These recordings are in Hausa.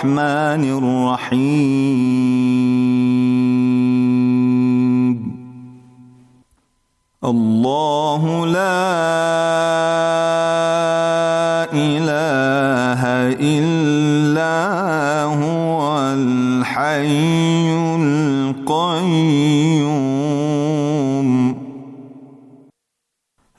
الرحمن الرحيم الله لا اله الا هو الحي القيوم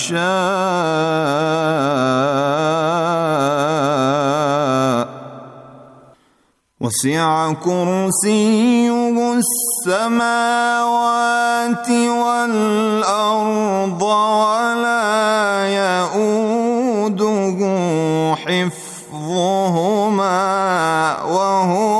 يشاء وسع كرسيه السماوات والارض ولا يؤوده حفظهما وهو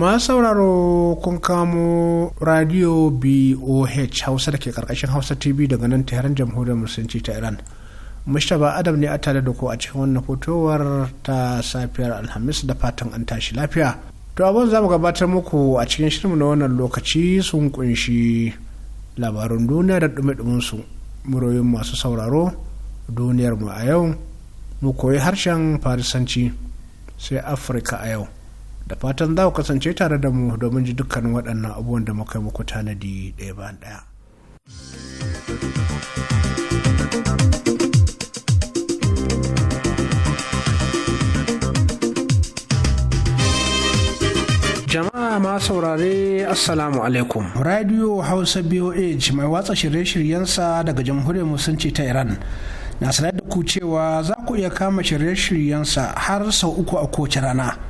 masu sauraro kun kamo radio boh hausa da ke karkashin hausa tv daga nan taron jamhuriyar musulunci ta iran mustapha adam ne a tare da ku a cikin wannan fotowar ta safiyar alhamis da fatan an tashi lafiya to abin za mu gabatar muku a cikin shirin na wannan lokaci sun kunshi labarin duniya da dume su muroyin masu sauraro duniyar mu a yau mu koyi harshen farisanci sai afirka a yau da fatan za ku kasance tare da mu domin ji dukkan waɗannan abubuwan da muka yi muku tanadi ɗaya bayan ɗaya. Jama'a ma saurare Assalamu alaikum. Radio Hausa BOH mai watsa shirye-shiryensa daga Jamhuriyar Musulunci ta Iran. Na sanar da ku cewa za ku iya kama shirye-shiryensa har sau uku a kowace rana.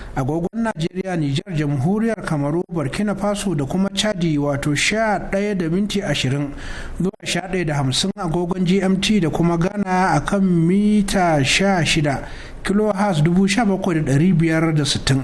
agogon najeriya nijar jamhuriyar kamaru burkina faso da kuma chadi wato ɗaya da minti ashirin zuwa ɗaya da hamsin agogon gmt da kuma ghana a kan mita 16 da sittin.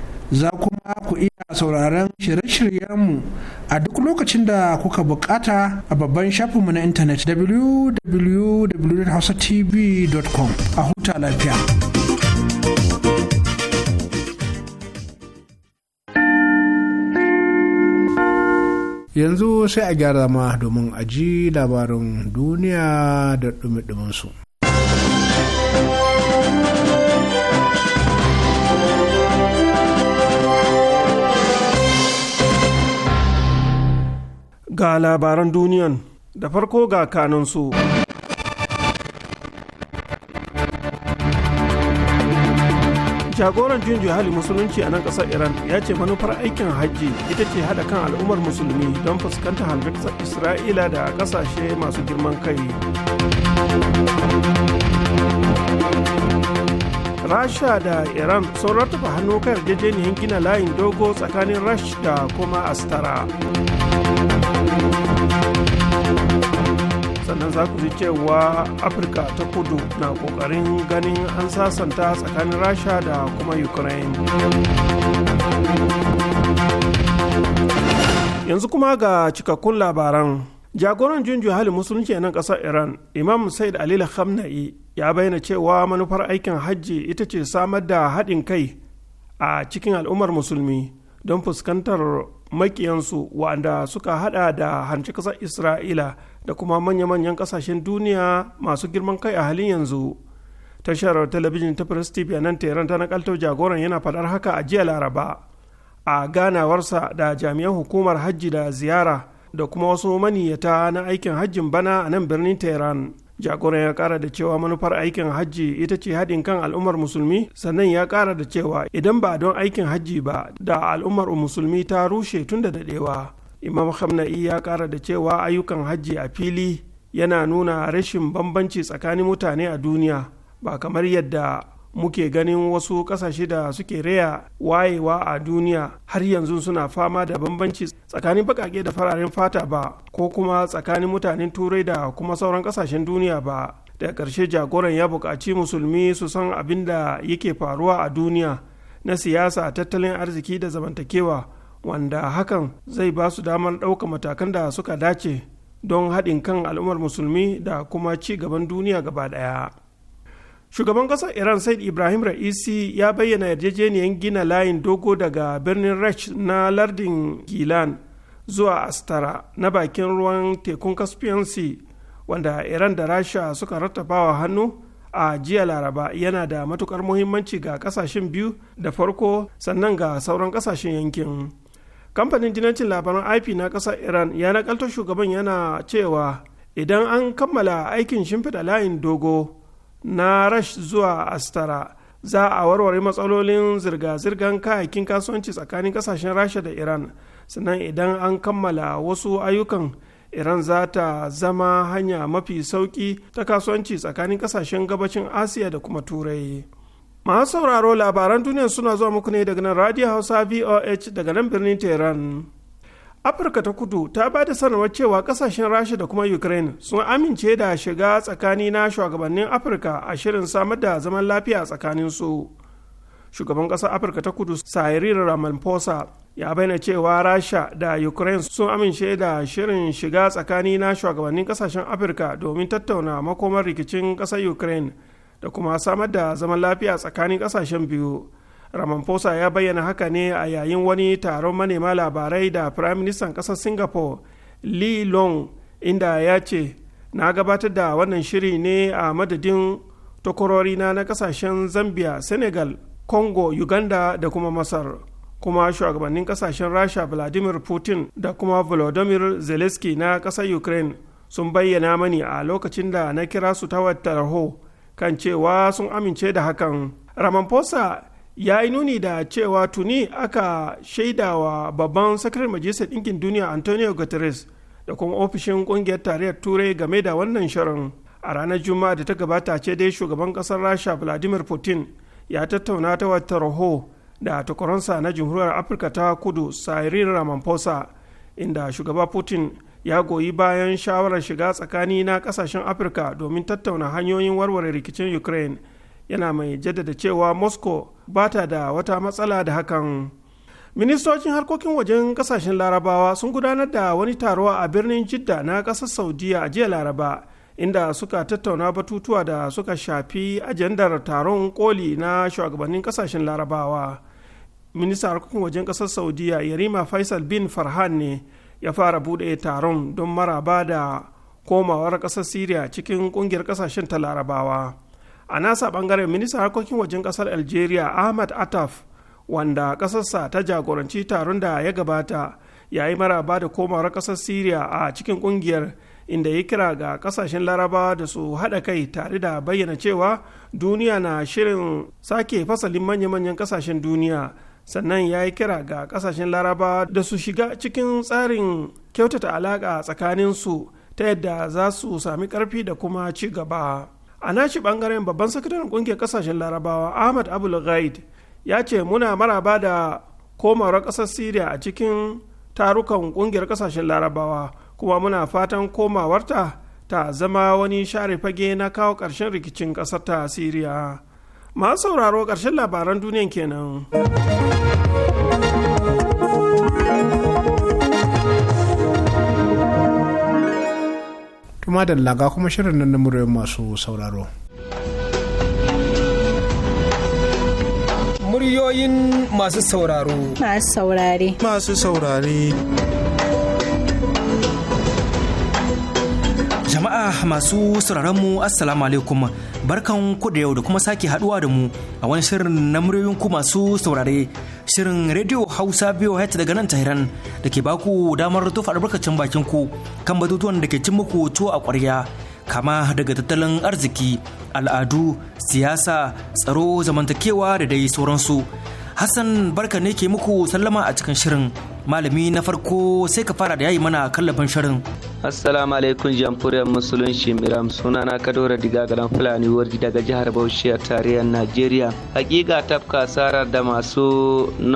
za kuma ku iya sauraron shirye-shiryenmu a duk lokacin da kuka bukata a babban shafinmu na intanet www.hausatv.com a huta lafiya. Yanzu sai a gyara ma domin a ji labarin duniya da dumi su. ga labaran duniyan da farko ga kaninsu. jagoran junju hali musulunci a nan kasar iran ya ce manufar aikin hajji ita ce hada kan al'ummar musulmi don fuskanta halittar isra'ila da kasashe masu girman kai rasha da iran sun rattaba hannu kan yarjejeniyar gina layin dogo tsakanin rash da kuma astara sannan za ku ji cewa afirka ta kudu na kokarin ganin an sasanta tsakanin rasha da kuma ukraine yanzu kuma ga cikakkun labaran jagoran junju hali musulunci nan kasar iran imam said alila khamnai ya bayyana cewa manufar aikin hajji ita ce samar da haɗin kai a cikin al'ummar musulmi don fuskantar makiyansu wa'anda suka haɗa da hanci ƙasar isra'ila da kuma manya-manyan ƙasashen duniya masu girman kai a halin yanzu tashar talabijin ta press tv nan teran ta nakaltar jagoran yana faɗar haka a jiya laraba a ganawarsa da jami'an hukumar hajji da ziyara da kuma wasu maniyyata na aikin hajjin bana a nan birnin tehran jagoran ya kara da cewa manufar aikin hajji ita ce haɗin kan al'ummar musulmi sannan ya kara da cewa idan ba don aikin hajji ba da al'ummar musulmi ta rushe tun da daɗewa imam hamna'i ya kara da cewa ayyukan hajji a fili yana nuna rashin bambanci tsakanin mutane a duniya ba kamar yadda muke ganin wasu kasashe da suke raya wayewa a duniya har yanzu suna fama da bambanci tsakanin bakake da fararen fata ba ko kuma tsakanin mutanen turai da kuma sauran kasashen duniya ba da ƙarshe jagoran ya buƙaci musulmi su san abin da yake faruwa a duniya na siyasa tattalin arziki da zamantakewa wanda hakan zai ba su damar ɗauka matakan da suka dace don haɗin kan al'ummar musulmi da kuma ci gaban duniya gaba ɗaya. shugaban ƙasar iran said ibrahim ra'isi ya bayyana yarjejeniyar gina layin dogo daga birnin rech na lardin gilan zuwa astara na bakin ruwan tekun caspian wanda iran da rasha suka rattabawa hannu a jiya laraba yana da matukar muhimmanci ga kasashen biyu da farko sannan ga sauran kasashen yankin kamfanin jinancin labaran ip na kasar iran ya nakaltar shugaban yana cewa idan an kammala aikin shimfida layin dogo na rash zuwa astara za a warware matsalolin zirga-zirgar kayakin kasuwanci tsakanin kasashen rasha da iran sannan idan an kammala wasu ayyukan iran za ta zama hanya mafi sauki ta kasuwanci tsakanin kasashen gabacin asiya da kuma turai masu sauraro labaran duniya suna zuwa muku ne daga nan radio hausa voh daga nan birnin tehran afirka ta kudu ta ba da sanarwar cewa kasashen rasha da kuma ukraine sun amince da shiga tsakani na shugabannin afirka a shirin samar da zaman lafiya tsakanin su shugaban ƙasar afirka ta kudu sairin ramaphosa ya bayyana cewa rasha da ukraine sun amince da shirin shiga tsakani na shugabannin kasashen afirka domin tattauna makomar rikicin ƙasar ukraine da kuma samar da zaman lafiya tsakanin ƙasashen biyu ramaphosa ya bayyana haka ne a yayin wani taron manema labarai da firaministan ƙasar singapore lee long inda ya ce na gabatar da wannan shiri ne a madadin takwarorina na ƙasashen zambia senegal congo uganda da kuma masar kuma shugabannin ƙasashen rasha vladimir putin da kuma volodymyr zelensky na ƙasar ukraine sun bayyana mani a lokacin da na kira su ta tarho kan cewa sun amince da hakan ramaphosa ya yi nuni da cewa tuni aka shaida wa babban sakar majalisar ɗinkin duniya antonio guterres da kuma ofishin ƙungiyar tarayyar turai game da wannan shirin a ranar juma'a da ta gabata ce dai shugaban ƙasar rasha vladimir putin ya tattauna ta wata raho da takwaransa na jamhuriyar afirka ta kudu cyril ramaphosa inda shugaba putin ya goyi bayan shawarar shiga tsakani na ƙasashen afirka domin tattauna hanyoyin warware rikicin ukraine yana mai jaddada cewa moscow ba ta da wata matsala da hakan ministocin harkokin wajen kasashen larabawa sun gudanar da wani taro a birnin jidda na ƙasar saudiya a jiya laraba inda suka tattauna batutuwa da suka shafi ajandar taron koli na shugabannin kasashen larabawa minista harkokin wajen ƙasar saudiya yarima faisal bin farhan ne ya fara bude taron don maraba da komawar ƙasar syria cikin ƙungiyar ƙasashen ta larabawa a nasa bangaren ministan harkokin wajen kasar algeria ahmad ataf wanda kasarsa ta jagoranci taron da ya gabata ya yi maraba da komawar kasar syria a cikin kungiyar inda ya kira ga kasashen larabawa da su haɗa kai tare da bayyana cewa duniya na shirin sake fasalin manya-manyan kasashen duniya sannan ya yi kira ga kasashen larabawa da su shiga cikin tsarin kyautata alaƙa tsakaninsu ta yadda za su sami ƙarfi da kuma ci gaba. a nashi bangaren babban sakataren kungiyar kasashen larabawa ahmad abul ghaid ya ce muna maraba da komawar kasar syria a cikin tarukan kungiyar kasashen larabawa kuma muna fatan komawarta ta zama wani share fage na kawo ƙarshen rikicin ƙasar ta syria masu sauraro ƙarshen labaran duniyan kenan. kuma da laga kuma shirin nan na muryoyin masu sauraro. Muryoyin masu sauraro. Masu saurare. Masu saurare. masu sauraron mu Assalamu alaikum barkan ku da yau da kuma sake haduwa da mu a wani shirin na muryoyin ku masu saurare shirin Radio Hausa biyu hata daga nan Tahiran da ke baku damar tufa albarkacin bakin ku kan batutuwan da ke cin muku tuwo a ƙwarya kama daga tattalin arziki al'adu siyasa tsaro zamantakewa da dai sauransu Hassan barka ne ke muku sallama a cikin shirin malami na farko sai ka fara da yayi mana kallafin shirin assalamu alaikum jamhuriyar musulunci miram suna na kadora diga galan fulani warji daga jihar bauchi a tarayyar najeriya hakika tafka sarar da masu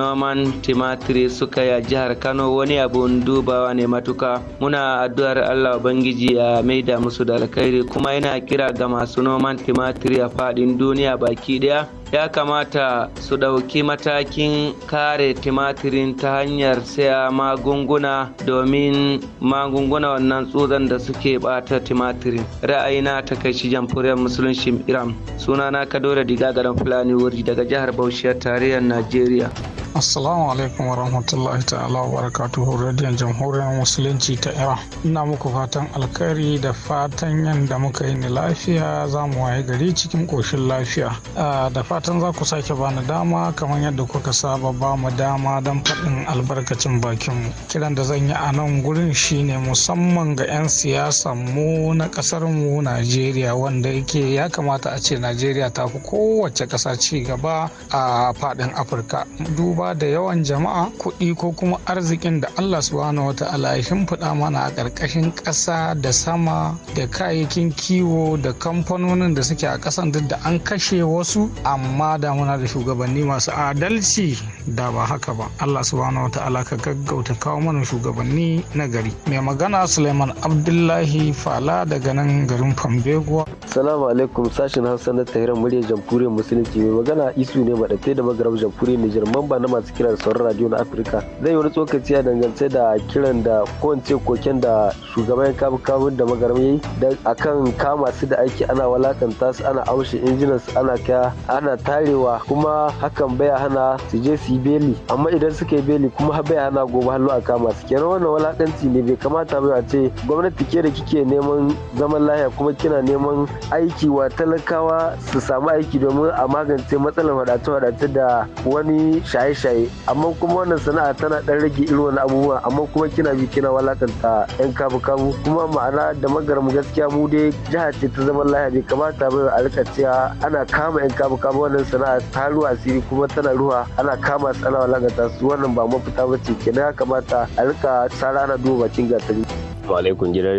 noman timatiri suka yi a jihar kano wani abun dubawa ne matuka muna addu'ar allah ubangiji a maida musu da alkhairi kuma yana kira ga masu noman timatiri a faɗin duniya baki daya ya kamata su ɗauki matakin kare timatirin ta hanyar saya magunguna domin magunguna wannan tsutsan da suke bata timatirin ra'ayina ta kai shi jamhuriyar musulunci iran sunana Kadoda, diga garin fulani wuri daga jihar bauchi tarayyar najeriya Assalamu alaikum warahmatullahi ta'ala wa barakatu radiyon jamhuriyar musulunci ta Iran. Ina muku fatan alkhairi da fatan yadda muka yi ni lafiya za mu waye gari cikin koshin lafiya. Ah, fatan za ku sake bani dama kamar yadda kuka saba ba mu dama don faɗin albarkacin bakinmu kiran da zan yi a nan gurin shine musamman ga 'yan siyasan mu na ƙasar mu najeriya wanda yake ya kamata a ce najeriya ta fi kowace ƙasa ci gaba a faɗin afirka duba da yawan jama'a kuɗi ko kuma arzikin da allah subhanahu wata ya shimfiɗa mana a ƙarƙashin ƙasa da sama da kayayyakin kiwo da kamfanonin da suke a ƙasan duk da an kashe wasu amma amma da muna da shugabanni masu adalci da ba haka ba Allah subhanahu wa ta'ala ka gaggauta kawo mana shugabanni na gari mai magana Suleiman Abdullahi Fala daga nan garin Fambeguwa Assalamu alaikum sashin Hausa na Tahiran muryar Jamhuriyar Musulunci mai magana Isu ne madatai da magarab Jamhuriyar Nijar mamba na masu kiran sauran radio na Afirka zai yi wani tsokaci a dangance da kiran da kowace koken da shugaban kabu kabun da magaram yayi akan kama su da aiki ana walakanta su ana aushe injinan su ana kaya ana tarewa kuma hakan baya hana su je su yi beli amma idan suka yi beli kuma bai hana gobe hallo a kama su kenan wannan walakanci ne bai kamata ba a ce gwamnati ke da kike neman zaman lahiya kuma kina neman aiki wa talakawa su samu aiki domin a magance matsalar wadatu wadatu da wani shaye-shaye amma kuma wannan sana'a tana dan rage irin wani abubuwa amma kuma kina bi kina walakanta yan kabu-kabu kuma ma'ana da magaramu gaskiya mu dai jiha ce ta zaman lahiya bai kamata ba a rika cewa ana kama yan kabu-kabu wannan sana'a ta haru asiri kuma tana ruwa ana kama tsana ana su wannan ba mafita ba ce kenan ya kamata a rika sara ana duba bakin gatari. Assalamu alaikum gidan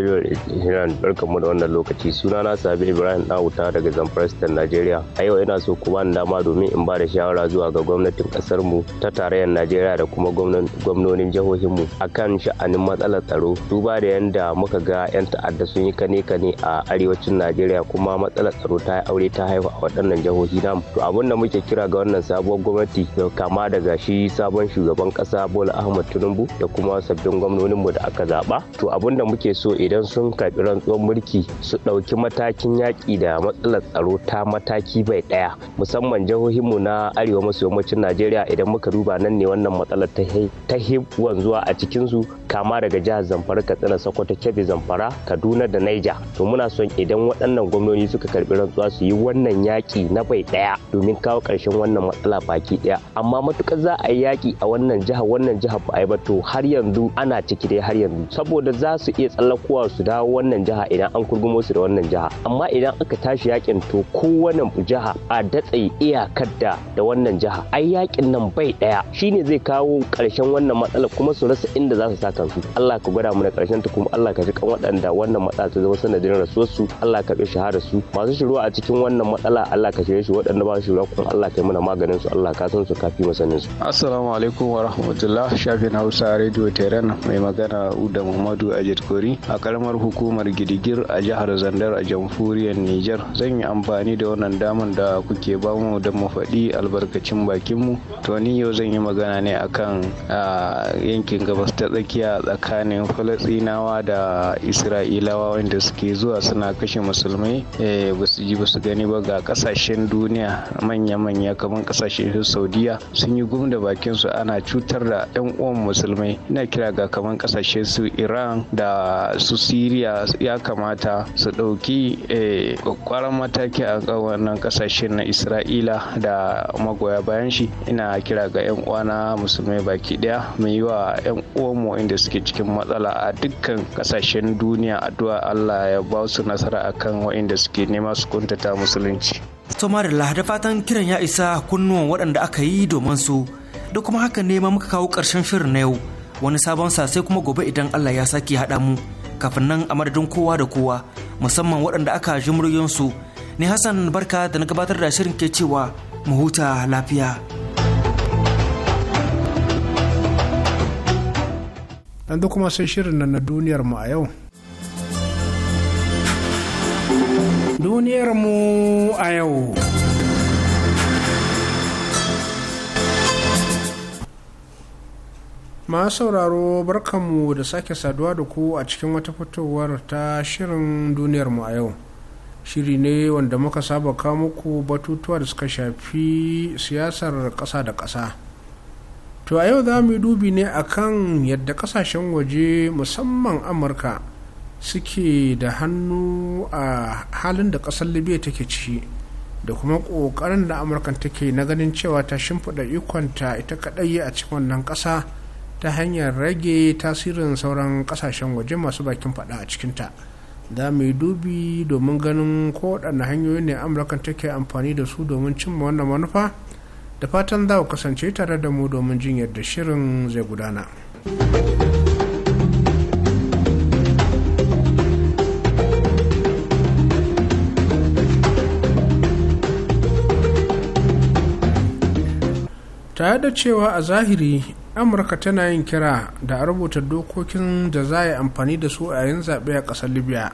Iran barkanmu da wannan lokaci sunana Sabi Ibrahim Dawuta daga Zamfara State Najeriya. A yau ina so ku bani dama domin in ba da shawara zuwa ga gwamnatin kasar mu ta tarayyar Najeriya da kuma gwamnonin jihohin mu akan sha'anin matsalar tsaro. Duba da yanda muka ga yan ta'adda sun yi kane kane a arewacin Najeriya kuma matsalar tsaro ta yi aure ta haifa a waɗannan jihohi namu. To abin da muke kira ga wannan sabuwar gwamnati kama daga shi sabon shugaban kasa Bola Ahmad Tinubu da kuma sabbin gwamnonin mu da aka zaba. To abin abin muke so idan sun karɓi rantsuwar mulki su ɗauki matakin yaki da matsalar tsaro ta mataki bai ɗaya musamman mu na arewa maso yammacin najeriya idan muka duba nan ne wannan matsalar ta hib wanzuwa a cikinsu kama daga jihar zamfara katsina sokoto kebbi zamfara kaduna da naija to muna son idan waɗannan gwamnoni suka karbi rantsuwa su yi wannan yaki na bai ɗaya domin kawo ƙarshen wannan matsala baki ɗaya amma matukar za a yi yaki a wannan jihar wannan jihar ba a yi ba to har yanzu ana ciki dai har yanzu saboda za su su iya tsallakowa su dawo wannan jiha idan an kurgumo su da wannan jiha amma idan aka tashi yakin to kowane jiha a datse iyakar da da wannan jiha ai yakin nan bai daya shine zai kawo karshen wannan matsala kuma su rasa inda za su sa kansu Allah ka gwada mana karshen ta kuma Allah ka ji kan waɗanda wannan matsala ta zama sanadin rasuwar su Allah ka bi shahada su masu shiruwa a cikin wannan matsala Allah ka shirye shi waɗanda ba su shiruwa kuma Allah ka yi mana maganin su Allah ka san su kafi masanin su assalamu alaikum wa rahmatullah shafin Hausa Radio Tehran mai magana Uda Muhammadu a Maiduguri a karamar hukumar Gidigir a jihar Zandar a jamhuriyar Nijar. Zan yi amfani da wannan damar da kuke bamu da mu faɗi albarkacin bakinmu. To ni yau zan yi magana ne akan yankin gabas ta tsakiya tsakanin Falasɗinawa da Isra'ilawa wanda suke zuwa suna kashe musulmai eh, ba su ji ba su gani ba ga kasashen duniya manya-manya kamar kasashen Saudiya sun yi gum da su ana cutar da 'yan uwan musulmai. Ina kira ga kamar kasashen su Iran da da su siriya ya kamata su ɗauki kwakwaran eh, mataki a wannan kasashen na isra'ila da magoya bayan shi ina kira ga 'yan uwana musulmai baki daya mai yi wa 'yan uwanmu inda suke cikin matsala a dukkan kasashen duniya addu'a allah ya ba su nasara akan waɗanda suke nema su kuntata musulunci. da fatan kiran ya isa kunnuwan waɗanda aka yi domin su da kuma haka ne ma muka kawo ƙarshen shirin na yau wani sabon sa sai kuma gobe idan Allah ya sake haɗa mu kafin nan a madadin kowa da kowa musamman waɗanda aka ji muryoyinsu ni Hassan barka da na gabatar da shirin ke cewa mu huta lafiya. yanzu kuma sai shirin na duniyar mu a yau. Duniyar mu a yau. masu sauraro barkanmu da sake saduwa da ku a cikin wata fitowar ta shirin duniyarmu a yau shiri ne wanda muka saba kawo muku batutuwa da suka shafi siyasar ƙasa da ƙasa to a yau za mu yi dubi ne akan yadda ƙasashen waje musamman amurka suke da hannu a halin da ƙasar libya take ciki da kuma ƙoƙarin da amurkan take na ganin cewa ta shimfiɗa ikonta ita kaɗai a cikin wannan ƙasa ta hanyar rage tasirin sauran kasashen waje masu bakin fada a cikinta za mu yi dubi domin ganin ko waɗanne hanyoyi ne amurka take amfani da su domin cimma wannan manufa da fatan za ku kasance tare da mu domin jin yadda shirin zai gudana tare da cewa a zahiri amurka tana yin kira da a rubuta dokokin da za a yi amfani da su a yin zaɓe a ƙasar libya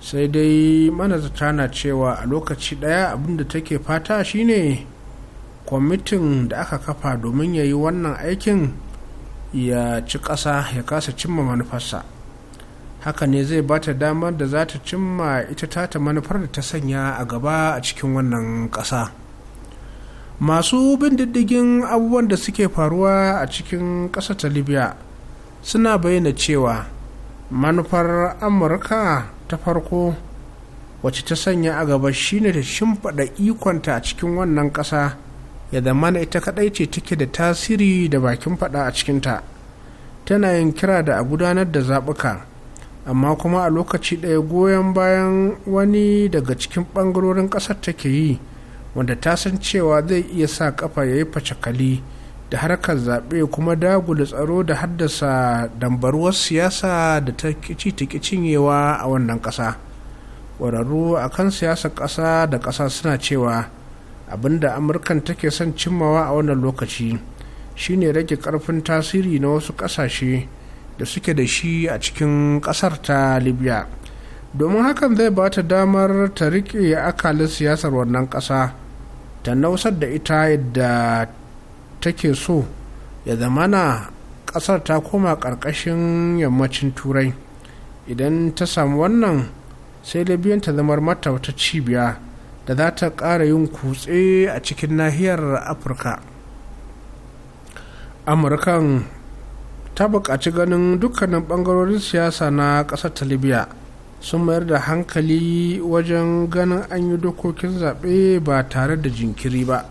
sai dai manazata na cewa a lokaci ɗaya abin da take fata shine kwamitin da aka kafa domin ya yi wannan aikin ya ci ƙasa ya kasa cimma manufarsa haka ne zai ba ta damar da za ta cimma ita tata manufar da ta sanya a gaba a cikin wannan ƙasa. masu bin diddigin abubuwan da suke faruwa a cikin ƙasa ta libya suna bayyana cewa manufar amurka ta farko wacce ta sanya a gaba shine ta shimfiɗa ikonta a cikin wannan ƙasa ya zama na ita kaɗai ce take da tasiri da bakin faɗa a cikinta tana yin kira da a gudanar da zaɓuka amma kuma a lokaci ɗaya goyon bayan wani daga cikin ɓangarorin ƙasar take yi wanda ta san cewa zai iya sa kafa ya yi facakali da harkar zaɓe kuma dagula tsaro da haddasa dambaruwar siyasa da ta kici cinyewa a wannan ƙasa ƙwararru a kan siyasar ƙasa da ƙasa suna cewa abin da amurkan take son cimmawa a wannan lokaci shine rage ƙarfin tasiri na wasu ƙasashe da suke da shi a cikin ƙasar ta libya domin hakan zai ba ta damar ta riƙe akalin siyasar wannan ƙasa ta nausar da ita yadda take so ya zamana ƙasar ta koma ƙarƙashin yammacin turai idan ta samu wannan sai libyan ta zamar mata wata cibiya da za ta ƙara yin kutse a cikin nahiyar afirka amurkan ta buƙaci ganin dukkanin ɓangarorin siyasa na ƙasar ta libya sun mayar da hankali wajen ganin an yi dokokin zaɓe ba tare da jinkiri ba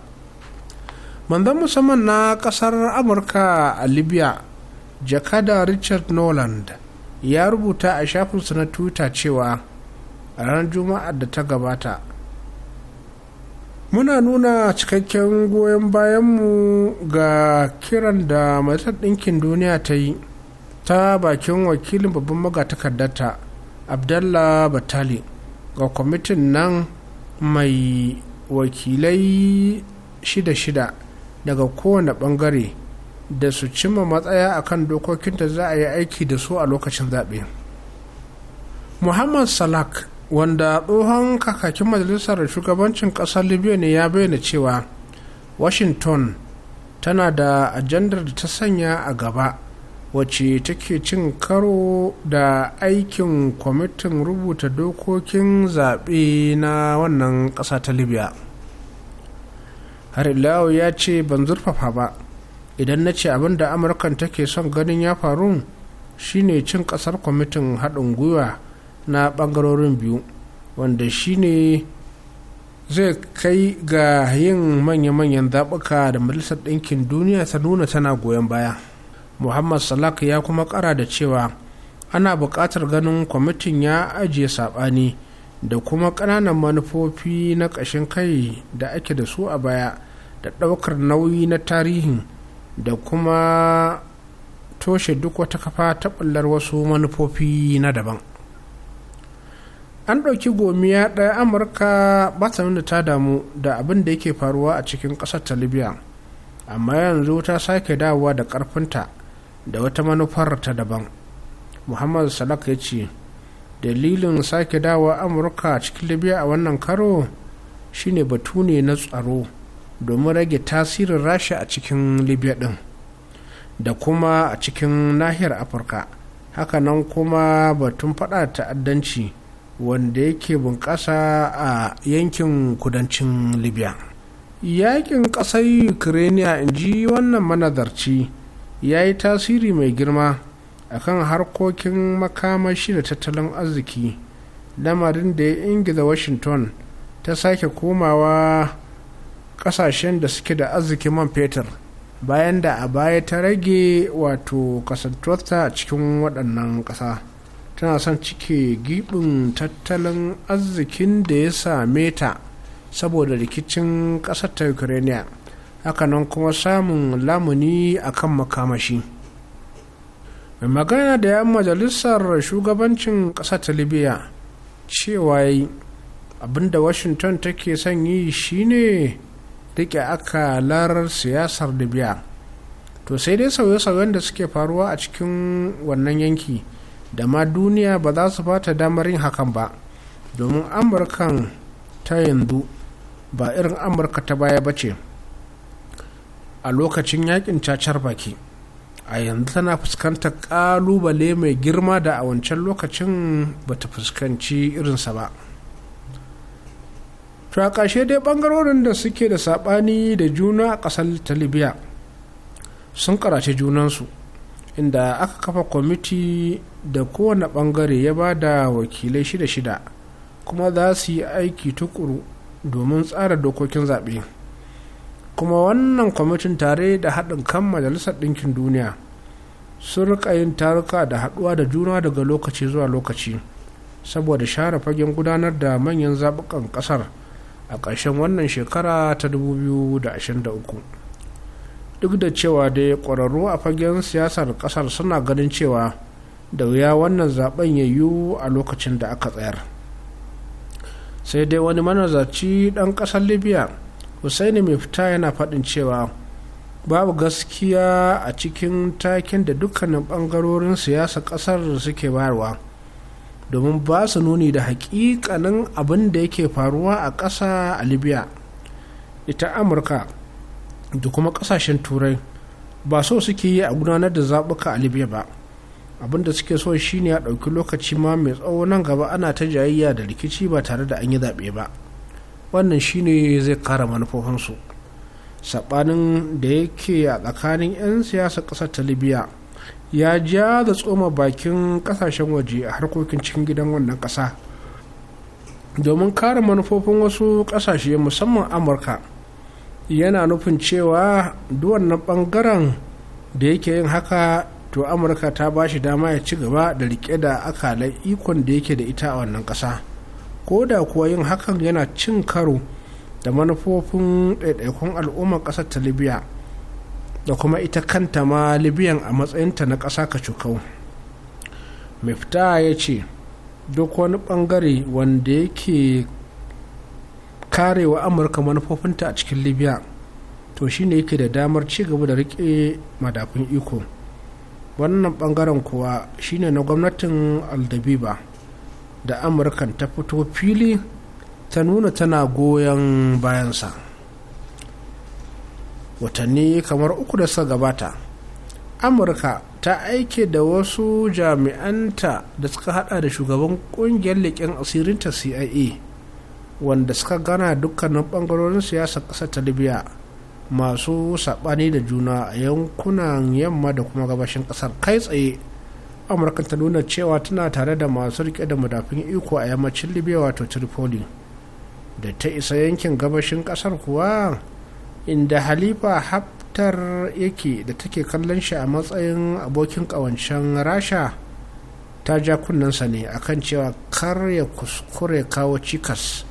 manzan musamman na ƙasar amurka a libya jakada richard noland ya rubuta a shafinsa na twitter cewa a ranar juma'ar da ta gabata muna nuna cikakken goyon bayanmu ga kiran da majalisar ɗinkin duniya ta yi ta bakin wakilin babban magatakardarta abdallah batali ga kwamitin nan mai wakilai shida-shida daga kowane bangare da su cimma matsaya akan dokokin da za a yi aiki da su a lokacin zaɓe muhammad salak wanda tsohon kakakin majalisar shugabancin ƙasar libya ne ya bayyana cewa washington tana da ajandar da ta sanya a gaba wacce take cin karo da aikin kwamitin rubuta dokokin zaɓe na wannan ƙasa ta libya har ya ce ban zurfafa ba idan na ce abin da amurkan take son ganin ya faru shine cin ƙasar kwamitin haɗin gwiwa na ɓangarorin biyu wanda shine zai kai ga yin manya-manyan zaɓuka da majalisar ɗinkin duniya ta nuna tana goyon baya muhammad salak ya kuma kara da cewa ana buƙatar ganin kwamitin ya ajiye saɓani da kuma ƙananan manufofi na ƙashin kai da ake da su a baya da ɗaukar nauyi na tarihin da kuma toshe duk wata kafa ta ɓullar wasu manufofi na daban an ɗauki gomiya ɗaya amurka ba ta nuna ta damu da abin da yake faruwa a cikin ƙasar ta libya amma yanzu ta sake dawowa da ƙarfinta da wata manufar ta daban muhammad salak ya ce dalilin sake dawa amurka cikin libya a wannan karo shine batu ne na tsaro domin rage tasirin rasha a cikin libya din da kuma a cikin nahiyar afirka hakanan kuma batun fada ta'addanci wanda yake bunƙasa a yankin kudancin libya yakin ƙasar ukraine in ji wannan manazarci ya yi tasiri mai girma a kan harkokin makamashi da tattalin arziki lamarin da ya ingiza washington ta sake komawa kasashen da suke da arzikin man fetur bayan da a baya ta rage wato kasantarta a cikin waɗannan ƙasa tana son cike giɓin tattalin arzikin da ya same ta saboda rikicin ƙasar ta ukraine hakanan kuma samun lamuni a kan makamashi mai magana da yan majalisar shugabancin ƙasa ta libya cewa abinda washington take son yi shine rike akalar siyasar libya to sai dai sauye-sauyen da suke faruwa a cikin wannan yanki da ma duniya ba za su bata damar yin hakan ba domin amurkan ta yanzu ba irin amurka ta baya ba ce a lokacin yakin cacar baki a yanzu tana fuskantar kalubale mai girma da a wancan lokacin bata fuskanci irinsa ba to a dai ɓangarorin da suke da saɓani da juna a ƙasar ta libya sun karace junansu inda aka kafa kwamiti da kowane ɓangare ya ba da wakilai shida-shida kuma za su yi aiki tukuru domin tsara dokokin zaɓe. kuma wannan kwamitin tare da haɗin kan majalisar ɗinkin duniya sun rika yin taruka da haɗuwa da juna daga lokaci zuwa lokaci saboda share fagen gudanar da manyan zaɓukan ƙasar a ƙarshen wannan shekara ta 2023 duk da cewa dai ƙwararru a fagen siyasar ƙasar suna ganin cewa da wuya wannan zaɓen ya yiwu a lokacin da aka tsayar sai dai wani manazarci ɗan ƙasar libya husaini mai fita yana faɗin cewa babu gaskiya a cikin takin da dukkanin ɓangarorin siyasa ƙasar da suke bayarwa domin ba su nuni da haƙiƙanin abin da yake faruwa a ƙasa a libya ita amurka da kuma ƙasashen turai ba so suke yi a gudanar da zaɓuka a libya ba abin da suke so shine a ɗauki lokaci ma mai tsawo nan gaba ana ta jayayya da rikici ba tare da an yi zaɓe ba wannan shine zai kara manufofinsu saɓanin da yake a tsakanin 'yan siyasa ƙasar ta libya ya ja da tsoma bakin ƙasashen waje a harkokin cikin gidan wannan ƙasa domin kare manufofin wasu ƙasashe musamman amurka yana nufin cewa duwannan ɓangaren da yake yin haka to amurka ta ba shi dama ya ci gaba da rike da akalai ikon da yake da ita a wannan ƙasa ko da kuwa yin hakan yana cin karo da manufofin ɗaiɗaikun al'ummar ƙasar ta libya da kuma ita kanta ma libyan a matsayinta na ƙasa kacukau fita ya ce duk wani ɓangare wanda yake karewa amurka manufofinta a cikin libya to shine yake da damar ci gaba da riƙe madafin iko wannan ɓangaren kuwa shine na gwamnatin aldabiba da amurkan ta fito fili ta nuna tana goyon bayansa watanni kamar uku da suka gabata amurka ta aike da wasu jami'anta da suka hada da shugaban kungiyar leƙen asirinta cia wanda suka gana dukkanin bangarorin siyasar ƙasar ta libya masu saɓani da juna a yankunan yamma da kuma gabashin ƙasar kai tsaye amurka ta nuna cewa tana tare da masu rike da madafin iko a yammacin libya wato tripoli da ta isa yankin gabashin kasar kuwa inda halifa haftar yake da take kallon shi a matsayin abokin kawancen rasha ta ja kunnensa ne akan cewa kar ya kuskure kawo cikas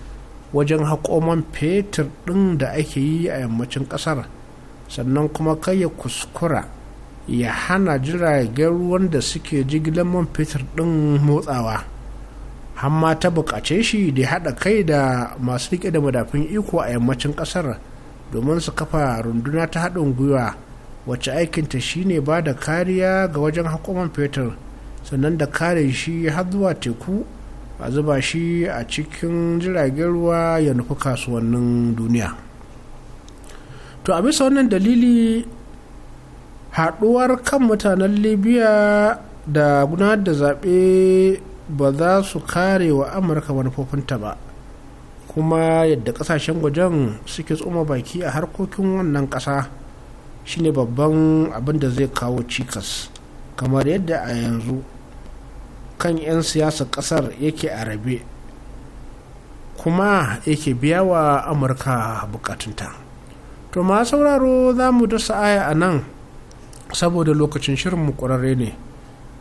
wajen haƙoman fetur ɗin da ake yi a yammacin kasar sannan kuma kai ya kuskura ya hana jiragen ruwan da suke jigilar man fetur ɗin motsawa hamma ta buƙace shi da haɗa kai da masu riƙe da madafin iko a yammacin ƙasar domin su kafa runduna ta haɗin gwiwa wacce aikinta shine ba da kariya ga wajen man fetur sannan da kare shi har zuwa teku a zuba shi a cikin jiragen ruwa ya nufi kasuwannin duniya to a bisa wannan dalili haɗuwar kan mutanen libya da gudanar da zaɓe ba za su kare wa amurka manufofinta ba kuma yadda ƙasashen wajen suke tsoma baki a harkokin wannan ƙasa shine babban abin da zai kawo cikas kamar yadda a yanzu kan 'yan siyasar ƙasar yake a rabe kuma yake biya wa amurka bukatunta to ma sauraro za mu dasa aya a nan saboda lokacin shirin mu ƙwararre ne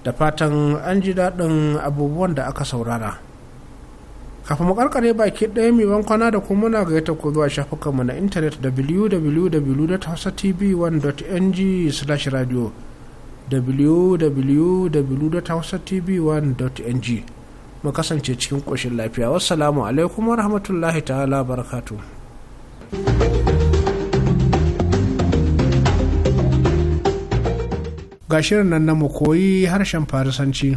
da fatan an ji daɗin abubuwan da aka saurara kafin mu karkare baki ɗaya mai wankwana da kuma muna gayyata ku zuwa shafukanmu na intanet www.hausatv1.ng slash radio www.hausatv1.ng mu kasance cikin ƙoshin lafiya wassalamu alaikum wa rahmatullahi ta'ala barakatu. ga shirin nan na mu koyi harshen farisanci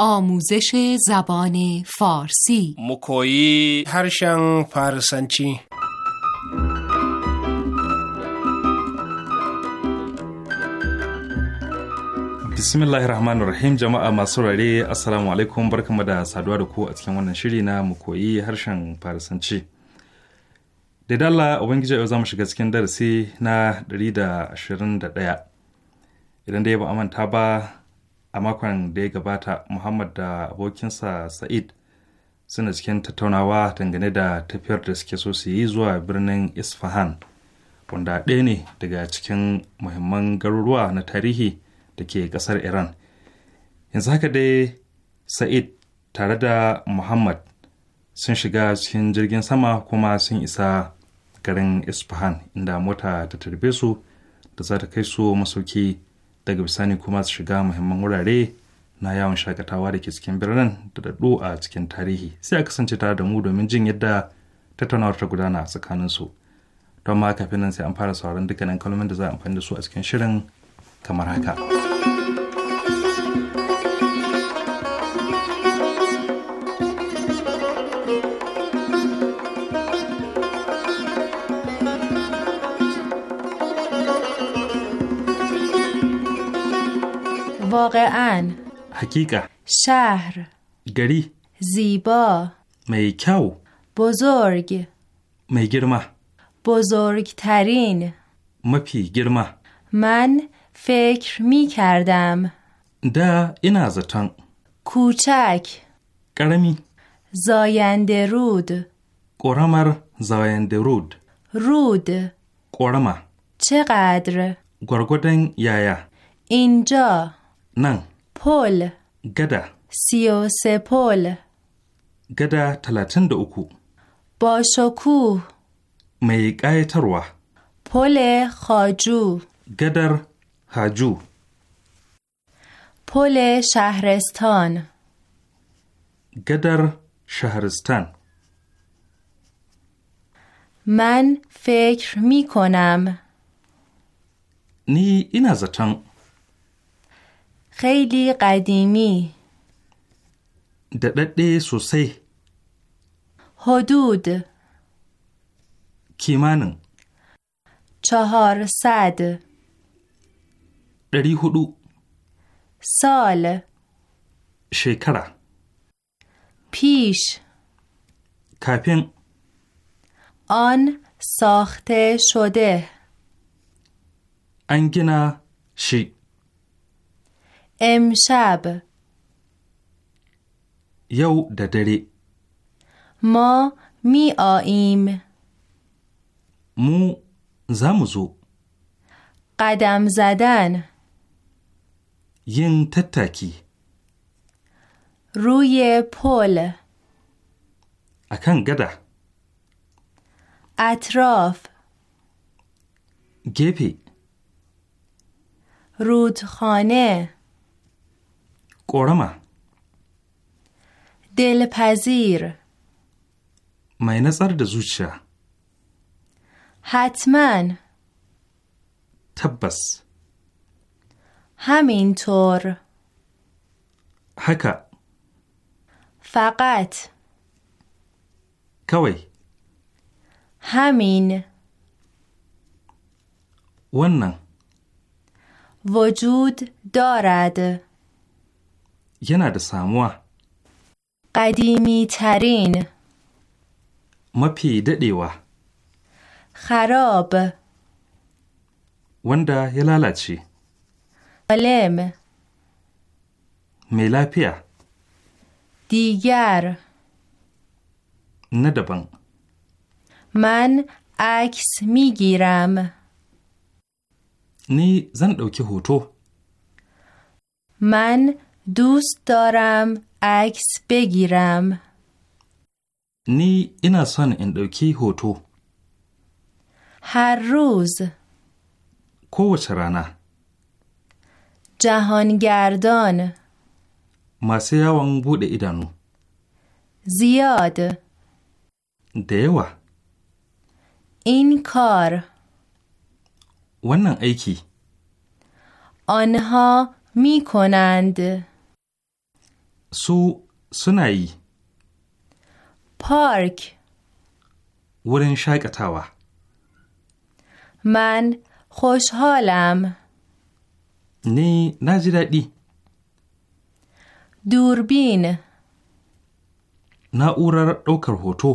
آموزش زبان فارسی مکویی هرشن فارسنچی Bismillahirrahmanirrahim jama'a masu rare assalamu alaikum barkamu da saduwa da ku a cikin wannan shiri na mu koyi harshen farisanci. Da dalla Ubangiji yau za mu shiga cikin darasi na 121. Idan dai ba a manta ba a makon da ya gabata Muhammad da abokinsa Sa'id suna cikin tattaunawa dangane da tafiyar da suke so su yi zuwa birnin Isfahan, wanda ɗaya ne daga cikin muhimman garuruwa na tarihi. da ke kasar iran yanzu haka dai sa'id tare da muhammad sun shiga cikin jirgin sama kuma sun isa garin isfahan inda mota ta tarbe su da za ta kai su masauki daga bisani kuma su shiga muhimman wurare na yawon shakatawa da ke cikin birnin da daɗo a cikin tarihi sai a kasance tare da mu domin jin yadda tattaunawar ta gudana tsakanin su don ma kafin nan sai an fara sauran dukkanin kalmomin da za a amfani da su a cikin shirin kamar واقعا حقیقه شهر گری زیبا میکو بزرگ میگرمه بزرگترین مپی گرمه من فکر می کردم دا از زتان کوچک کرمی زاینده رود قرمر زاینده رود رود گرما چقدر گرگودن یایه اینجا نن پل گدا سی و سه پل گدا تلاتن دا اکو با شکو میگای تروه پل خاجو گدر هجو پل شهرستان گدر شهرستان من فکر می کنم نی این از خیلی قدیمی دقیقی سوسی حدود کیمان چهارصد دری هدو سال شکره پیش کپین آن ساخته شده انگینا شی امشب یو ددری ما می آیم مو زمزو قدم زدن ین تتکی روی پل اکن گده اطراف گپی رودخانه قرمه دلپذیر mai نظر da zuciya. تبس همینطور حکا فقط کوی همین ونن وجود دارد یه da ساموه قدیمی ترین ما پیده دیوه خراب wanda ya چی؟ سالم میلاپیا دیگر ندبن من عکس میگیرم نی زن دوکی هوتو من دوست دارم عکس بگیرم نی اینا سن این دوکی هوتو هر روز کوچه رانه جهانگردان مسیا و بوده ایدانو زیاد دیوه این کار ونن ایکی آنها می کنند سو سنعی پارک ورن شاکتاوه من خوشحالم na ji daɗi? Durbin. Na'urar ɗaukar hoto.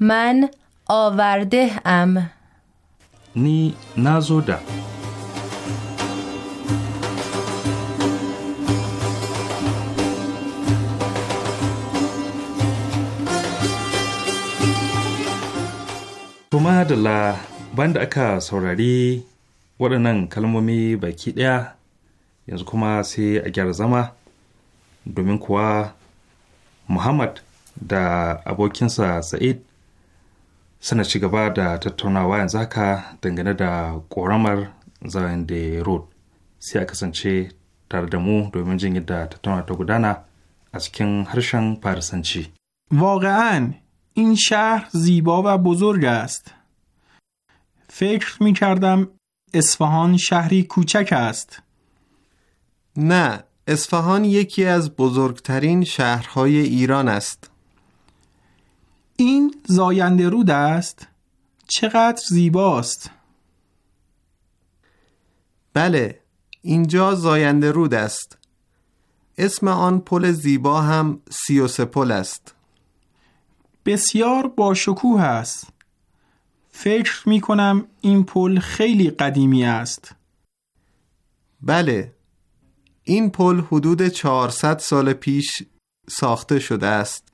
Man آورده ام نی نازو ده Kuma da la banda aka saurari waɗannan kalmomi baki ɗaya yanzu kuma sai a gyara zama domin kuwa muhammad da abokinsa sa'id suna ci gaba da tattaunawa yanzu haka dangane da ƙoramar zayen da road sai a kasance tare da mu domin jin yadda tattaunawa ta gudana a cikin harshen farisanci. واقعا این شهر زیبا و بزرگ است. فکر می کردم اصفهان شهری کوچک است. نه، اصفهان یکی از بزرگترین شهرهای ایران است. این زاینده رود است. چقدر زیباست. بله، اینجا زاینده رود است. اسم آن پل زیبا هم سی و پل است. بسیار باشکوه است. فکر می کنم این پل خیلی قدیمی است. بله. این پل حدود 400 سال پیش ساخته شده است.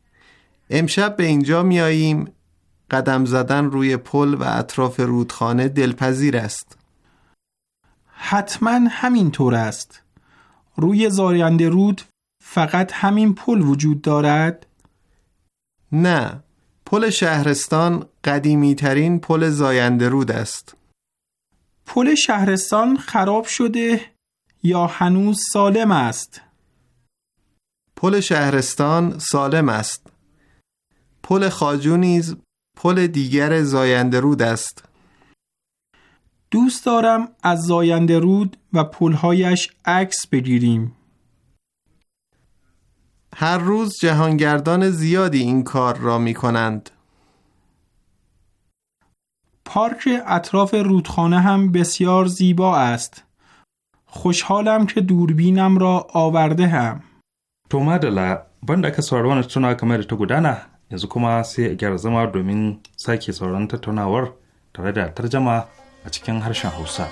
امشب به اینجا میاییم قدم زدن روی پل و اطراف رودخانه دلپذیر است. حتما همینطور است. روی زاینده رود فقط همین پل وجود دارد؟ نه پل شهرستان قدیمی ترین پل زاینده رود است. پل شهرستان خراب شده یا هنوز سالم است؟ پل شهرستان سالم است. پل خاجو نیز پل دیگر زاینده رود است. دوست دارم از زاینده رود و پلهایش عکس بگیریم. هر روز جهانگردان زیادی این کار را می کنند. پارک اطراف رودخانه هم بسیار زیبا است. خوشحالم که دوربینم را آورده هم. تو مدلا بند که ساروان تنا کمر تو گدانا yanzu kuma sai دومین gyara zama domin sake sauran tattaunawar tare da tarjama a cikin harshen حوصه.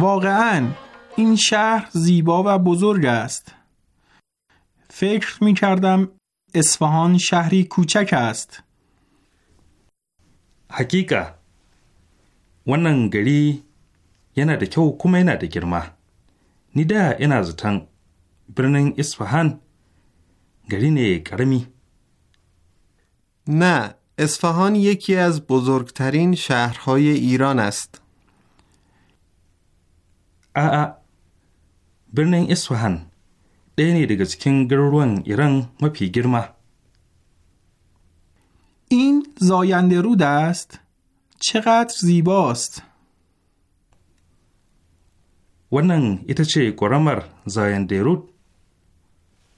واقعا این شهر زیبا و بزرگ است فکر می کردم اصفهان شهری کوچک است حقیقه wannan گری یه da kyau kuma yana da girma ni da ina zaton birnin isfahan گری ne نه اسفهان یکی از بزرگترین شهرهای ایران است a'a birnin isfahan ɗaya ne daga cikin garuruwan iran mafi این زاینده رود است چقدر زیباست wannan ita ce ƙoramar zayanderud rud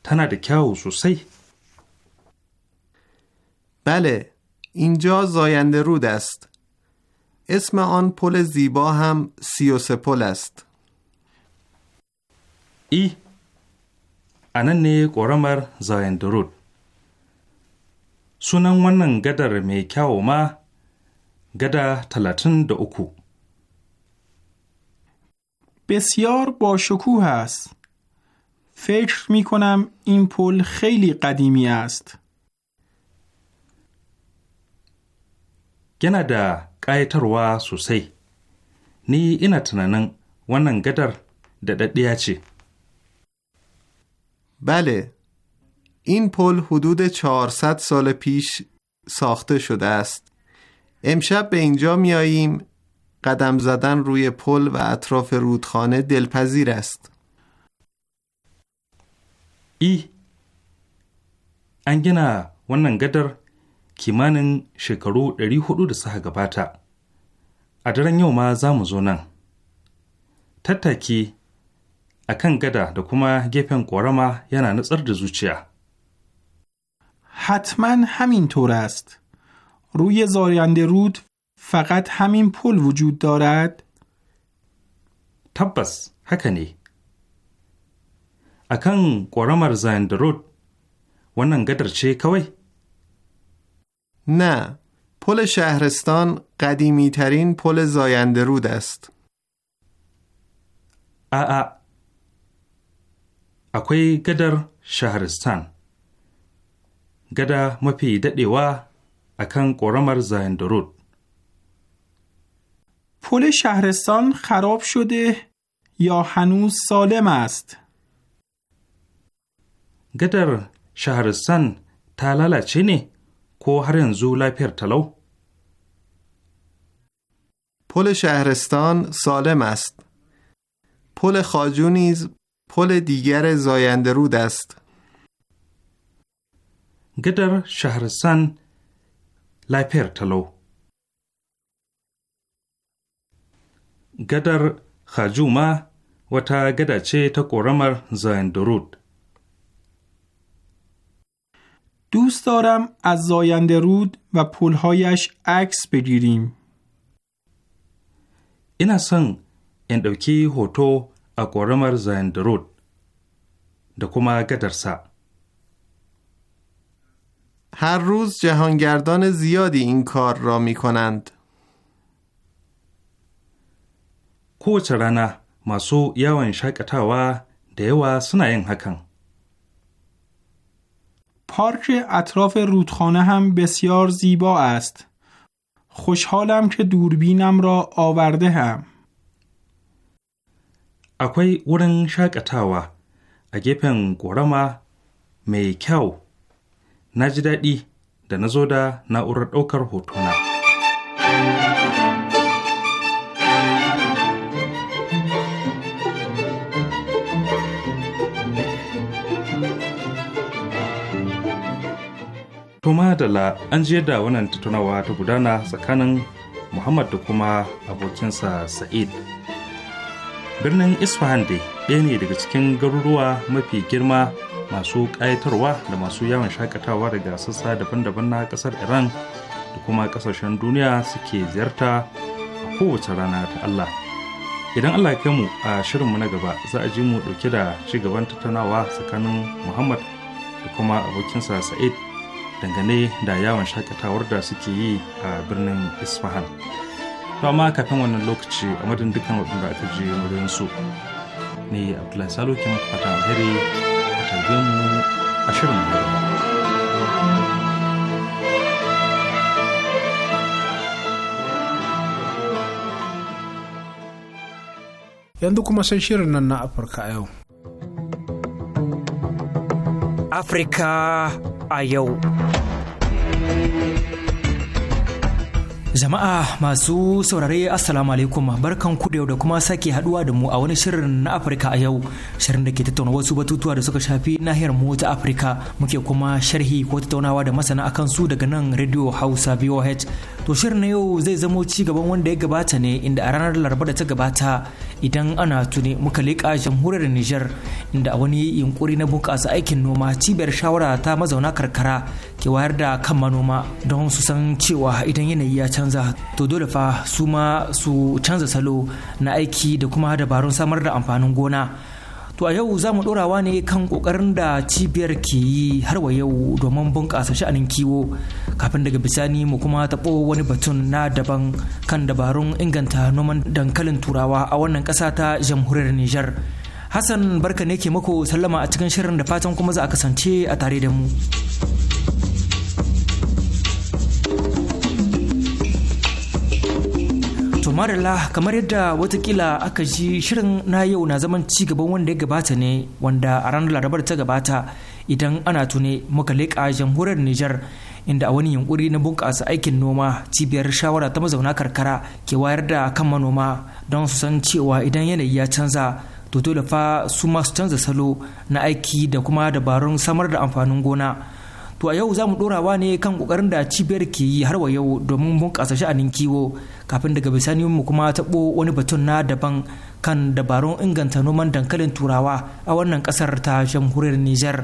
tana da kyawu بله اینجا زاینده رود است اسم آن پل زیبا هم سی و پل است E, a anan ne ƙoramar Zayandurud. Sunan wannan gadar mai kyawo ma gada talatin da uku. بسیار با شکوه است. فکر می کنم این پل yana da ƙayatarwa sosai, ni ina tunanin wannan gadar da daɗaɗɗiya ce. بله این پل حدود 400 سال پیش ساخته شده است امشب به اینجا میاییم قدم زدن روی پل و اطراف رودخانه دلپذیر است ای انگنا gina wannan gadar kimanin shekaru 400 da suka gabata a daren yau ma za mu zo nan akan gada da kuma gefen ƙorama yana nutsar da zuciya. حتما همینطور است. روی زاینده رود فقط همین پل وجود دارد. تبس هکنی. akan قرمر zaینده رود wannan گدر که کوی نه پل شهرستان قدیمی ترین پل زاینده رود است. آآ. akwai gadar شهرستان gada mafi daɗewa اکن kan ƙoramar درود پل شهرستان خراب شده یا هنوز سالم است؟ گدر شهرستان تا چینی نه کو هر تلو پل شهرستان سالم است پل خاجو نیز پل دیگر زاینده رود است گدر سن لایپرتلو گدر خاجوما و تا گدچه چه تا قرمر زاینده رود دوست دارم از زاینده رود و پلهایش عکس بگیریم. این son اندوکی هوتو a ƙoramar درود da kuma gadarsa. هر روز جهانگردان زیادی این کار را می کنند. کوچه رانه masu یا shakatawa da و suna پارک اطراف رودخانه هم بسیار زیبا است. خوشحالم که دوربینم را آورده هم. akwai wurin shakatawa a gefen ƙorama mai kyau. Na ji daɗi da na zo da na'urar ɗaukar hotona. tumadala da la an je da wannan tattunawa ta gudana tsakanin Muhammad da kuma abokinsa Sa'id. birnin isfahan dai ɗaya ne daga cikin garuruwa mafi girma masu ƙayatarwa da masu yawon shakatawa daga sassa daban-daban na ƙasar iran da kuma ƙasashen duniya suke ziyarta a kowace rana ta allah idan allah ya mu a shirin mu na gaba za a ji mu ɗauke da ci gaban tattaunawa tsakanin muhammad da kuma abokinsa sa'id dangane da yawon shakatawar da suke yi a birnin isfahan to amma kafin wannan lokaci a madadin dukkan waɗanda aka je wurin su ne abdullahi salo ke muku fatan alheri a tarbe mu a shirin mu yanzu kuma sai shirin nan na Afirka a yau. Afirka a yau. Jama'a masu saurare Assalamu alaikum barkan ku da yau da kuma sake haduwa da mu a wani shirin na Afirka a yau shirin da ke tattauna wasu batutuwa da suka shafi nahiyar mu ta Afirka muke kuma sharhi ko tattaunawa da masana akan su daga nan Radio Hausa VOH to shirin na yau zai zamo ci gaban wanda ya gabata ne inda a ranar laraba da ta gabata idan ana tuni muka leƙa jamhuriyar niger inda a wani yunkuri na bunƙasa aikin noma cibiyar shawara ta mazauna karkara ke wayar da kan manoma don su san cewa idan yanayi ya canza to dole fa su ma su canza salo na aiki da kuma dabarun samar da amfanin gona to a yau za mu ɗorawa ne kan ƙoƙarin da cibiyar ke yi har wa yau domin bunƙasa sha'anin kiwo kafin daga bisani mu kuma taɓo wani batun na daban kan dabarun inganta noman dankalin turawa a wannan ƙasa ta jamhuriyar nijar hassan barka ne ke mako sallama a cikin shirin da fatan kuma za a kasance a tare da mu. Tumarila kamar yadda watakila aka ji shirin na yau na zaman ci gaban wanda ya gabata ne wanda a ranar larabar ta gabata idan ana tune muka leƙa jamhuriyar Nijar inda a wani yunkuri na bunƙasa aikin noma cibiyar shawara ta mazauna karkara ke wayar da kan manoma don su san cewa idan yanayi ya canza to dole fa su masu canza salo na aiki da kuma dabarun samar da amfanin gona. To a yau za mu ɗorawa ne kan ƙoƙarin da cibiyar ke yi har wa yau domin bunƙasa sha'anin kiwo kafin daga bisani mu kuma taɓo wani batun na daban kan dabarun inganta noman dankalin turawa a wannan ƙasar ta jamhuriyar nijar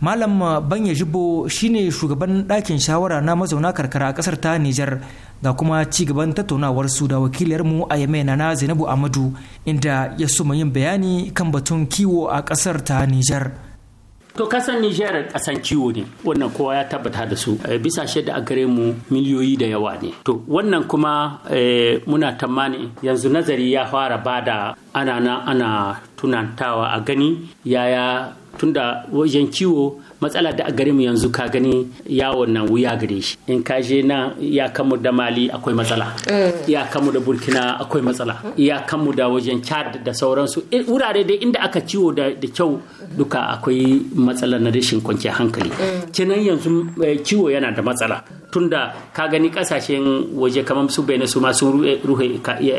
malam banya jibo shine shugaban ɗakin shawara na mazauna karkara a ƙasar ta nijar ga kuma ci gaban tattaunawar su da wakilarmu a yamai na zainabu amadu inda ya suma yin bayani kan batun kiwo a ƙasar ta nijar to kasan nijar kasan kiwo ne wannan kowa ya tabbata da su eh, bisa da a gare mu miliyoyi da yawa ne to wannan kuma eh, muna tamani yanzu nazari ya fara bada ana ana tunantawa a gani yaya tunda wajen kiwo. matsala da a gare mu yanzu ka gani yawon nan wuya gare shi in ka je na kamu da mali akwai matsala mm. Ya kamu da burkina akwai matsala Ya iyakanmu da wajen chad da sauransu eh, wurare dai inda aka ciwo da kyau duka akwai matsala na rashin kwanciyar hankali mm. kenan yanzu eh, ciwo yana da matsala tunda ka gani kasashen waje kamar su bai su ma sun ruhe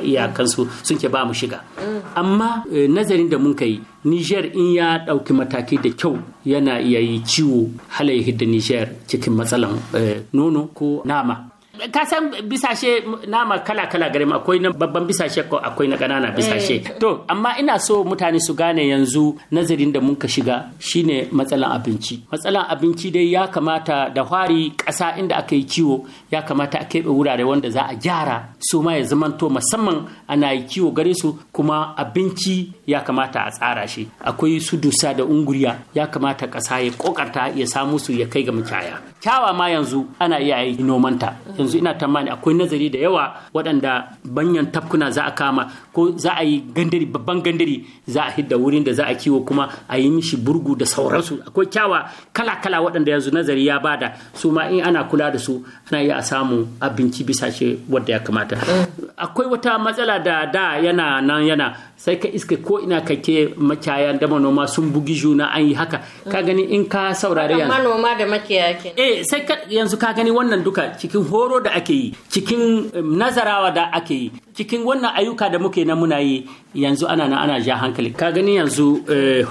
iyakansu sun ke ba mu shiga mm. amma eh, nazarin da mun yi. Niger in ya ɗauki mataki da kyau yana iya yi ciwo halayyar da Niger cikin matsalan eh, nono ko nama. ka san bisashe nama kala kala gare ma akwai na babban bisashe ko akwai na kanana eh. bisashe to amma ina so mutane su gane yanzu nazarin da mun ka shiga shine matsalan abinci matsalan abinci dai ya kamata da hwari ƙasa inda aka yi kiwo ya kamata a keɓe wurare wanda za a gyara su ma ya zamanto musamman ana yi kiwo gare su kuma abinci ya kamata a tsara shi akwai su dusa da unguriya ya kamata ƙasa ya ƙoƙarta ya samu su ya kai ga makiyaya kyawa ma yanzu ana iya yi nomanta yanzu ina tamani akwai nazari da yawa waɗanda banyan tafkuna za a kama ko za a yi gandari babban gandari za a hidda wurin da za a kiwo kuma a yi mishi burgu da sauransu akwai kyawa kala kala waɗanda yanzu nazari ya bada su ma in ana kula da su ana iya a samu abinci bisa ce wanda ya kamata mm. akwai wata matsala da da yana nan yana sai ka iske ko ina ka ke makiyaya da manoma sun bugi juna an yi haka ka mm. gani in ka saurari yanzu manoma da makiyaya ke eh sai ka yanzu ka gani wannan duka cikin horo da ake yi cikin nazarawa da ake yi cikin wannan ayyuka da muke na muna yi yanzu ana na ana ja hankali ka gani yanzu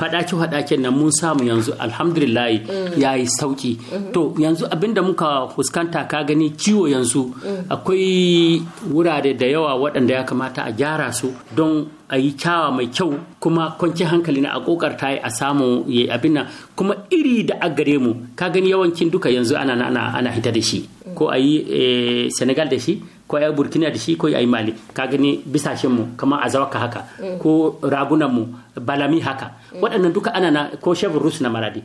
hadace eh, hadace nan mun samu yanzu alhamdulillah mm. yi sauki mm-hmm. to yanzu da muka fuskanta ka gani ciwo yanzu mm. akwai wurare da yawa waɗanda ya kamata a gyara su don a yi kyawa mai kyau kuma kwanci hankali na a kokarta a samu yayi abin nan kuma iri da a gare mu ka gani yawancin duka yanzu ana ana ana hita da shi ko a yi eh, Senegal da shi ko ai burkina da shi ko ai mali ka gani bisashen mu kamar azawaka haka ko ragunan mu balami haka waɗannan duka ana na ko shevin rus na maradi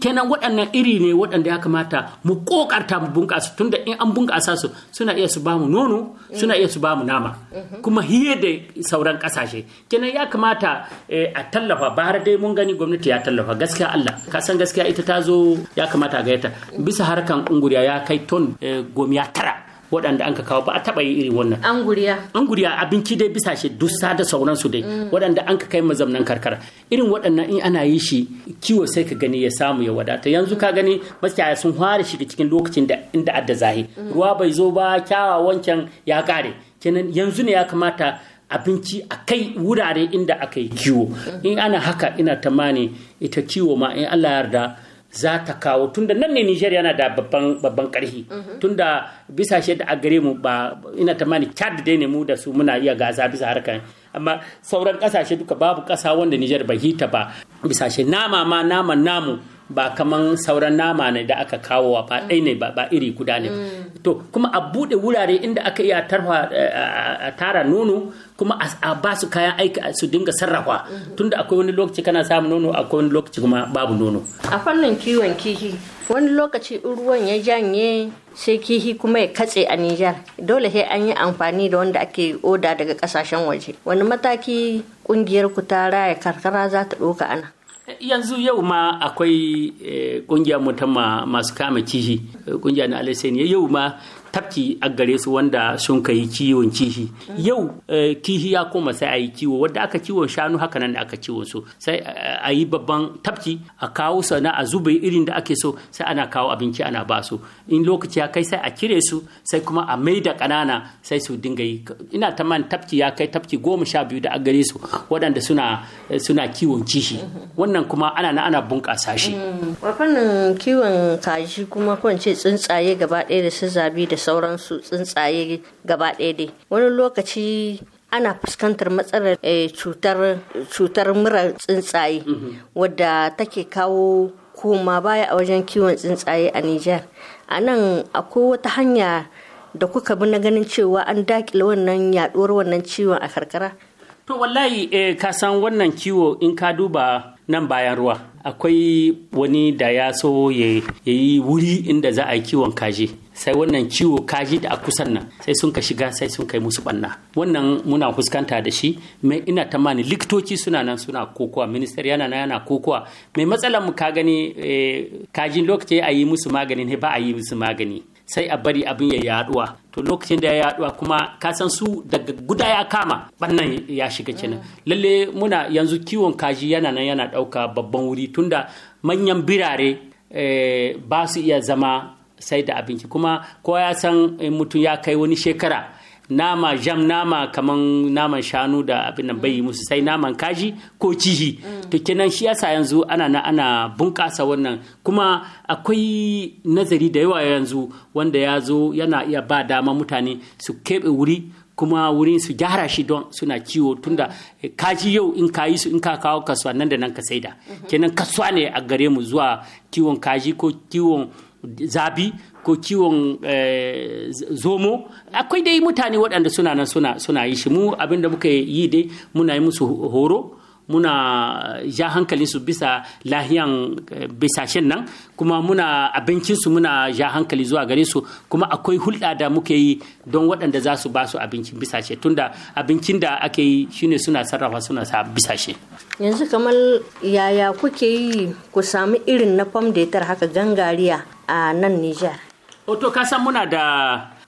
kenan waɗannan iri ne waɗanda ya kamata mu kokarta mu bunƙasa tunda in an bunƙasa su suna iya su bamu nono suna iya su bamu nama kuma hiye da sauran ƙasashe kenan ya kamata eh, a tallafa ba har dai mun gani gwamnati ya tallafa gaskiya Allah ka san gaskiya ita ta zo ya kamata a gayyata bisa harkan unguriya ya kai ton eh, gomiya tara waɗanda an ka kawo ba a taɓa yi irin wannan an guriya an guriya abinci dai bisa shi dusa da sauransu dai mm. waɗanda an ka kai mazamnan karkara irin waɗannan in ana yi shi kiwo sai ka gani ya samu ya wadata yanzu ka gani makiyaya sun fara shiga cikin lokacin da inda adda zahi mm. ruwa bai zo ba kyawa wancan ya kare kenan yanzu ne ya kamata abinci a kai wurare inda aka yi kiwo mm. in ana haka ina tamani ita kiwo ma in Allah yarda za ta kawo tunda nan ne Nijar yana da babban babban karhi mhm. tunda bisa da a gare mu ba ina mani Chad dai ne mu da su muna iya gaza bisa harkan amma sauran kasashe duka babu kasa wanda Nijar bai hita ba bisa nama ma naman namu ba kaman sauran nama ne da aka kawo ba ɗai ne ba iri guda ne mm. to kuma a buɗe wurare inda aka iya tarfa eh, a tara nono kuma a ba su kayan aiki su dinga sarrafa mm-hmm. tunda akwai wani lokaci kana samun nono akwai wani lokaci kuma babu nono a fannin kiwon kihi wani lokaci ruwan ya janye sai kihi kuma ya katse a Nijar dole sai an yi amfani da wanda ake oda daga kasashen waje wani mataki kungiyar ku ta raya karkara za ta ɗauka ana yanzu yau ma akwai kungiya eh, mu ta masu kama kishi kungiya eh, na alisani yau ma tafki a gare su wanda sun kai kiwon kihi yau eh, kihi ya koma sai a yi kiwo wadda aka kiwon shanu haka nan da aka kiwon su sai a yi babban tafki a kawo su na a zube irin da ake so sai ana kawo abinci ana ba su in lokaci ya kai sai a kire su sai kuma a mai da kanana sai su dinga yi ina ta man tafki ya kai tafki goma sha biyu da a gare su waɗanda suna eh, suna kiwon kihi wannan kuma ana na ana bunƙasa shi. Mm. fannin kiwon kaji kuma kwance tsuntsaye gaba ɗaya da su zabi da sauransu tsuntsaye gaba ɗaya dai wani lokaci ana fuskantar matsalar eh, cutar mura tsuntsaye wadda take kawo koma baya a wajen kiwon tsuntsaye a Nijar. A nan akwai wata hanya da kuka bi na ganin cewa an dakile wannan yaduwar wannan ciwon a karkara? To wallahi eh, ka san wannan kiwo in ka duba nan bayan ruwa akwai wani da ya so ya yi wuri inda za a yi kiwon kaji. sai wannan ciwo kaji da a kusan nan sai sun ka shiga sai sun kai musu banna wannan muna fuskanta da shi mai ina tamani likitoci suna nan suna kokowa minister yana na yana kokowa mai matsalar mu ka gani eh, kajin lokaci a yi musu magani ne ba a yi musu magani sai a bari abin ya yaduwa to lokacin da ya yaduwa kuma ka san su daga guda ya kama bannan ya shiga kenan lalle muna yanzu kiwon kaji yana nan yana dauka babban wuri tunda manyan birare eh, ba su iya zama sai da abinci kuma kowa ya san mutum ya kai wani shekara nama jam nama kaman naman shanu da abin nan bai musu sai naman kaji ko cihi to kenan shi yasa yanzu ana na ana bunƙasa wannan kuma akwai nazari da yawa yanzu wanda ya zo yana iya ba dama mutane su keɓe wuri kuma wurin su gyara shi don suna ciwo tunda kaji yau in ka yi su in ka kawo kasuwa nan da nan ka saida mm-hmm. kenan kasuwa ne a gare mu zuwa kiwon kaji ko kiwon zabi ko kiwon eh, zomo akwai dai mutane waɗanda suna nan suna yi shi mu abinda muka yi dai muna yi musu horo muna eh, ja hankalinsu bisa lahiyan eh, bisashen nan kuma muna abincinsu muna ja hankali zuwa gare su kuma akwai hulɗa da muke yi don waɗanda za su ba su abincin bisashe tunda abincin da ake yi shine suna sarrafa suna sa bisashe yanzu kamar yaya kuke yi ku samu irin na fam da haka gangariya a nan Nijar. Oto kasan muna da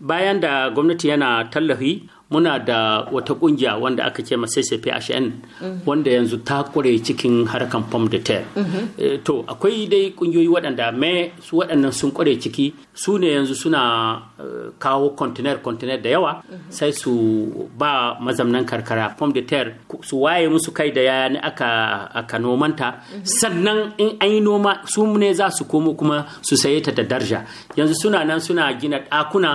bayan da gwamnati yana tallafi muna da wata kungiya wanda aka ce CCPHN wanda yanzu ta kure cikin harkan pom de terre eh, to akwai dai kungiyoyi waɗanda me su waɗannan sun kure ciki su ne yanzu suna eh, kawo container container da yawa sai su ba mazamnan karkara pom de terre su waye musu kai da yaya ne aka aka nomanta sannan in an yi noma su ne za su komo kuma su saye ta da daraja. yanzu suna nan suna gina ɗakuna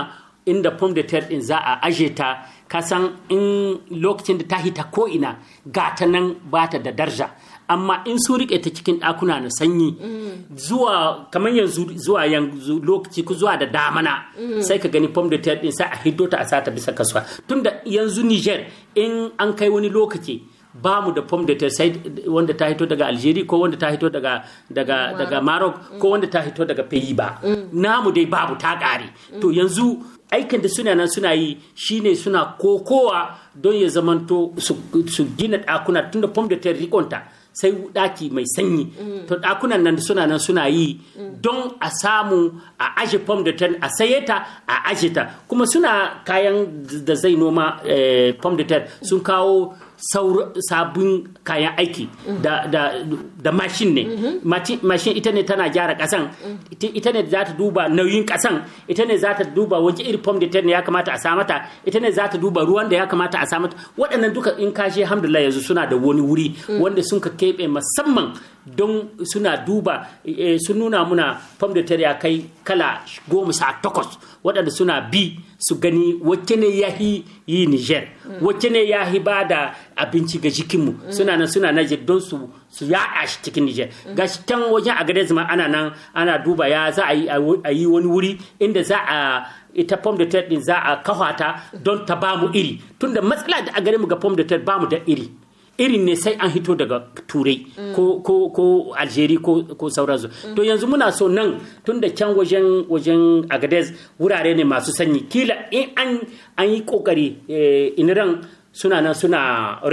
inda pom de terre din za a aje ta ka san in lokacin da ta hita ko ina gata nan ba ta da darja amma in sun rike ta cikin ɗakuna na sanyi zuwa kamar yanzu zuwa yanzu lokaci ku zuwa da damana sai ka gani fom de terre din sai a hiddo ta a sata bisa kasuwa tun da yanzu Niger in an kai wani lokaci ba mu da pom de terre sai wanda ta hito daga Algeria ko wanda ta hito daga daga ko wanda ta hito daga Peyi ba mm. namu dai babu ta kare to yanzu aikin da suna nan suna yi shine suna kokowa don ya zamanto su gina ɗakuna tunda fom da ta rikonta sai ɗaki mai sanyi mm. to ɗakunan nan suna nan suna yi mm. don a samu a aje pom da ta a saye ta a aje ta kuma suna kayan da zai noma eh, pom da ta sun kawo sabbin kayan aiki da mashin ne mashin ita ne tana gyara kasan ita ne za ta duba nauyin kasan ita ne za ta duba wajen irin fom da ya kamata a samata ita ne za ta duba ruwan da ya kamata a samata waɗannan duka in kashe alhamdulillah yanzu suna da wani wuri mm. wanda sun ka keɓe musamman don suna duba eh, sun nuna muna de terre ya kai kala goma sa takwas waɗanda suna bi su gani wacce ne ya yi yi niger wacce ne ya ba da abinci ga jikinmu suna nan suna na don su su ya shi cikin niger ga shi can wajen a gare zama ana nan ana duba ya za a yi wani wuri inda za a ita pom de terre din za a kafa ta don ta bamu iri tunda matsala da a gare mu ga pom de terre bamu da iri irin ne sai an hito daga turai ko ko algeri ko ko sauransu to yanzu muna so nan tun da can wajen wajen agadez wurare ne masu sanyi kila in an an yi kokari eh, iniran suna nan suna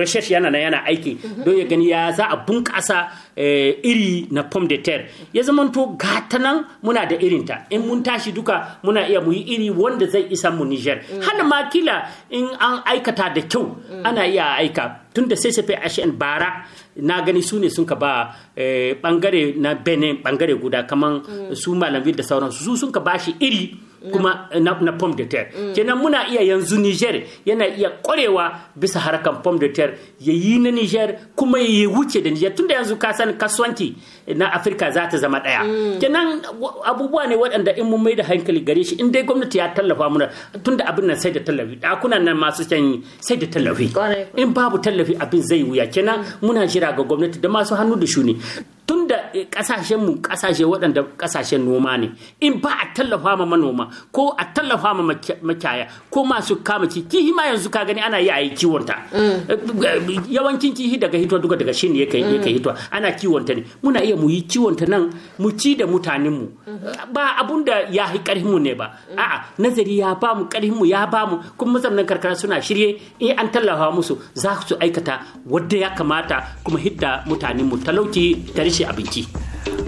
research yana nan yana aiki don ya gani ya za a bunƙasa eh, iri na pom de terre ya to gata nan muna da irinta in mun tashi duka muna iya muyi iri wanda zai isa mu Niger mm. hana ma kila in an aikata da kyau mm. ana iya aika tun da CCP HN bara na gani su ne sun ka ba bangare eh, na Benin bangare guda kaman mm. su Malamville da sauransu su sun ka shi iri kuma na, na pom de terre mm. kenan muna iya yanzu niger yana iya kwarewa bisa harkan pom de terre ya yi na niger kuma ya yi wuce da niger tunda yanzu ka san kasuwanci na afirka za ta zama ɗaya. Mm. kenan abubuwa ne waɗanda in mun maida hankali gare shi in dai gwamnati ya tallafa muna tunda abin nan sai da tallafi dakunan nan masu sanyi sai da tallafi in babu tallafi abin zai wuya kenan mm. muna jira ga gwamnati da masu hannu da shuni tun da eh, mu kasashe waɗanda kasashen noma ne in ba a tallafa ma manoma ko a tallafa ma makiyaya ko masu kama kiki ma yanzu ka gani ana yi a yi kiwonta mm. eh, yawancin kihi daga hito duka daga shi ne yake mm. yake ana kiwonta ne muna iya mu yi kiwonta nan mu ci da mutanen mu mm-hmm. ba abun da ya yi karhin mu ne ba mm. a'a nazari ya ba mu karhin mu ya ba mu kuma mazamnan karkara suna shirye in an tallafa musu za su aikata wadda ya kamata kuma hidda mutanen mu talauci ta shi a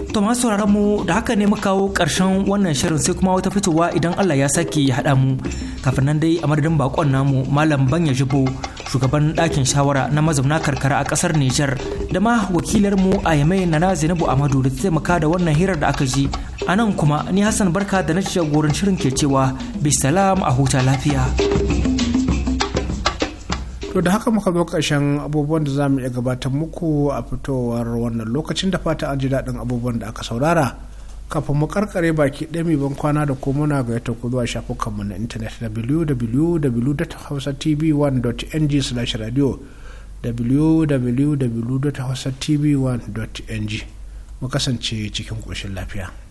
to masu sauraron mu da haka ne muka kawo karshen wannan shirin sai kuma wata fitowa idan Allah ya sake ya haɗa mu kafin nan dai a madadin bakon namu malam banya jibo shugaban ɗakin shawara na mazauna karkara a ƙasar Nijar da ma wakilar mu a yamai na na Zainabu Amadu da taimaka da wannan hirar da aka ji a nan kuma ni Hassan Barka da na jagorin shirin ke cewa bisalam a huta lafiya. to da haka muka zo ƙarshen abubuwan da za mu iya gabatar muku a fitowar wannan lokacin da fata an ji daɗin abubuwan da aka saurara kafin mu karkare baki ɗaya mai ban kwana da ko muna ga yata zuwa shafukanmu na intanet www.hausatv1.ng slash radio www.hausatv1.ng mu kasance cikin ƙoshin lafiya.